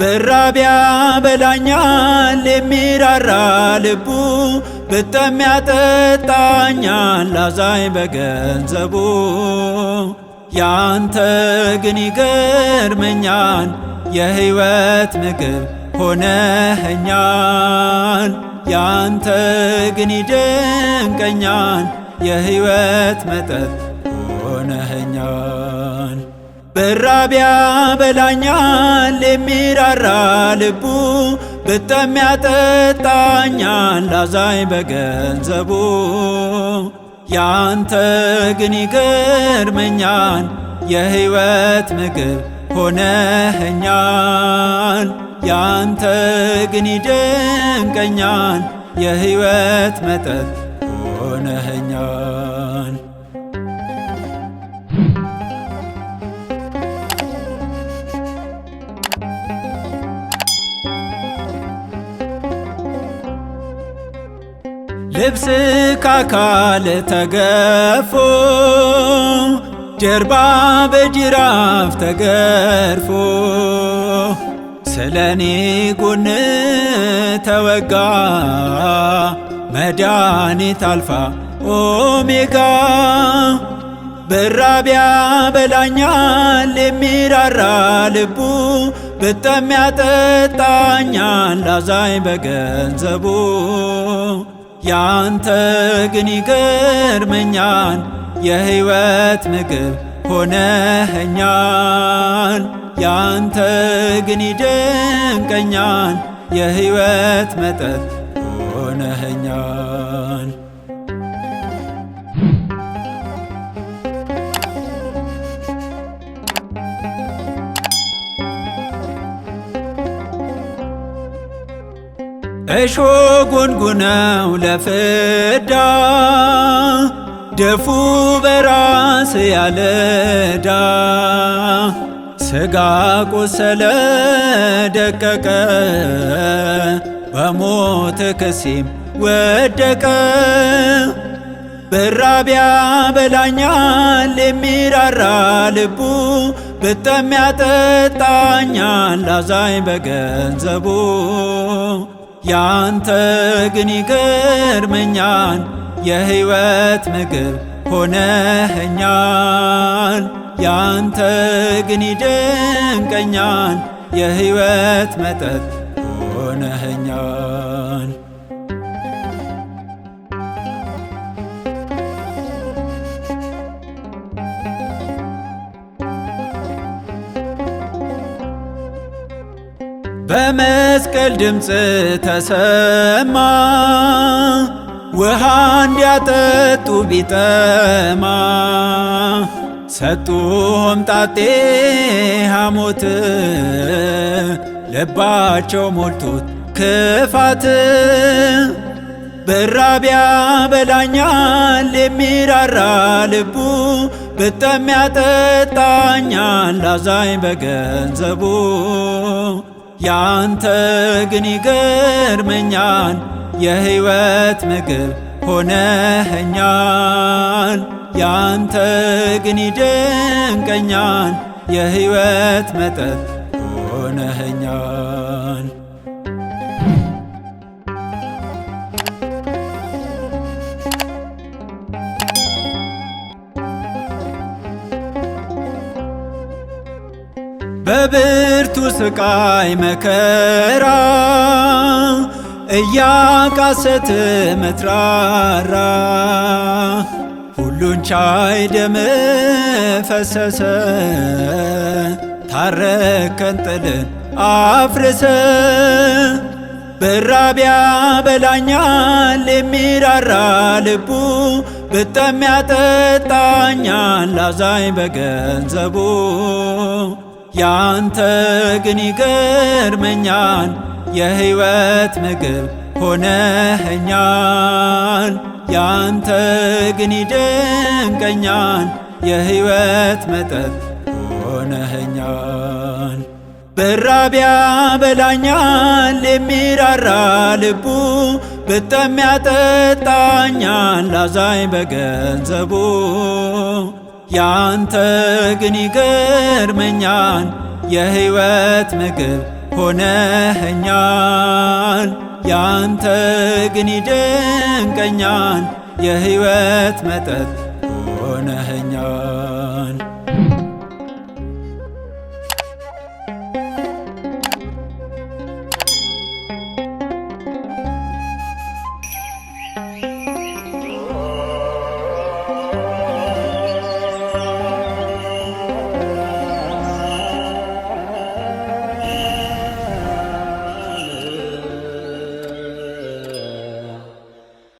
በራብ ያበላኛል የሚራራ ልቡ ብጠም ያጠጣኛል ላዛይ በገንዘቡ ያንተ ግን ይገርመኛል የህይወት ምግብ ሆነኸኛል ያንተ ግን ይደንቀኛል የህይወት መጠጥ ሆነኸኛል በራቢያ በላኛ የሚራራ ልቡ በጠሚያ ያጠጣኛል ላዛይ በገንዘቡ ያንተ ግን ይገርመኛል የሕይወት ምግብ ሆነኸኛል ያንተ ግን ይደንቀኛል የሕይወት መጠጥ ሆነኸኛል ልብስ ካካል ተገፎ ጀርባ በጅራፍ ተገርፎ ስለኔ ጎን ተወጋ መድኃኒት አልፋ ኦሜጋ በራቢያ በላኛል የሚራራ ልቡ ብጠሚያጠጣኛል ላዛኝ በገንዘቡ ያንተ ግን ይገርመኛል የሕይወት ምግብ ሆነኸኛል። ያንተ ግን ይደንቀኛል የሕይወት መጠጥ ሆነኸኛል። እሾ ጎንጉነው ለፍዳ ደፉ በራስ ያለዳ ስጋ ቆሰለ ደቀቀ በሞት ክሴም ወደቀ በራቢያ በላኛል የሚራራ ልቡ ብጠሚያጠጣኛል አዛኝ በገንዘቡ ያንተ ግን ይገርመኛል የሕይወት ምግብ ሆነኸኛል። ያንተ ግን ይደንቀኛል የሕይወት መጠጥ ሆነኸኛል። በመስቀል ድምፅ ተሰማ ውሃ እንዲያጠጡ ቢጠማ ሰጡ ሆምጣጤ ሐሞት ልባቸው ሞልቶት ክፋት በራቢያ በላኛል የሚራራ ልቡ ብጠም ያጠጣኛል አዛኝ በገንዘቡ ያንተ ግን ይገርመኛል የህይወት ምግብ ሆነኸኛል ያንተ ግን ይደንቀኛል የህይወት መጠጥ ሆነኸኛል በብርቱ ስቃይ መከራ እያቃሰት መትራራ ሁሉን ቻይ ደም ፈሰሰ ታረከን ጥልን አፍርሰ በራቢያ በላኛል የሚራራ ልቡ ብጠሚያጠጣኛል አዛኝ በገንዘቡ ያንተ ግን ይገርመኛል የሕይወት ምግብ ሆነኸኛል ያንተ ግን ይደንቀኛል የሕይወት መጠጥ ሆነኸኛል በራቢያ በላኛል የሚራራ ልቡ ብጠም ያጠጣኛል አዛኝ በገንዘቡ ያንተ ግን ይገርመኛል የህይወት ምግብ ሆነኸኛል። ያንተ ግን ይደንቀኛል የህይወት መጠጥ ሆነኸኛል።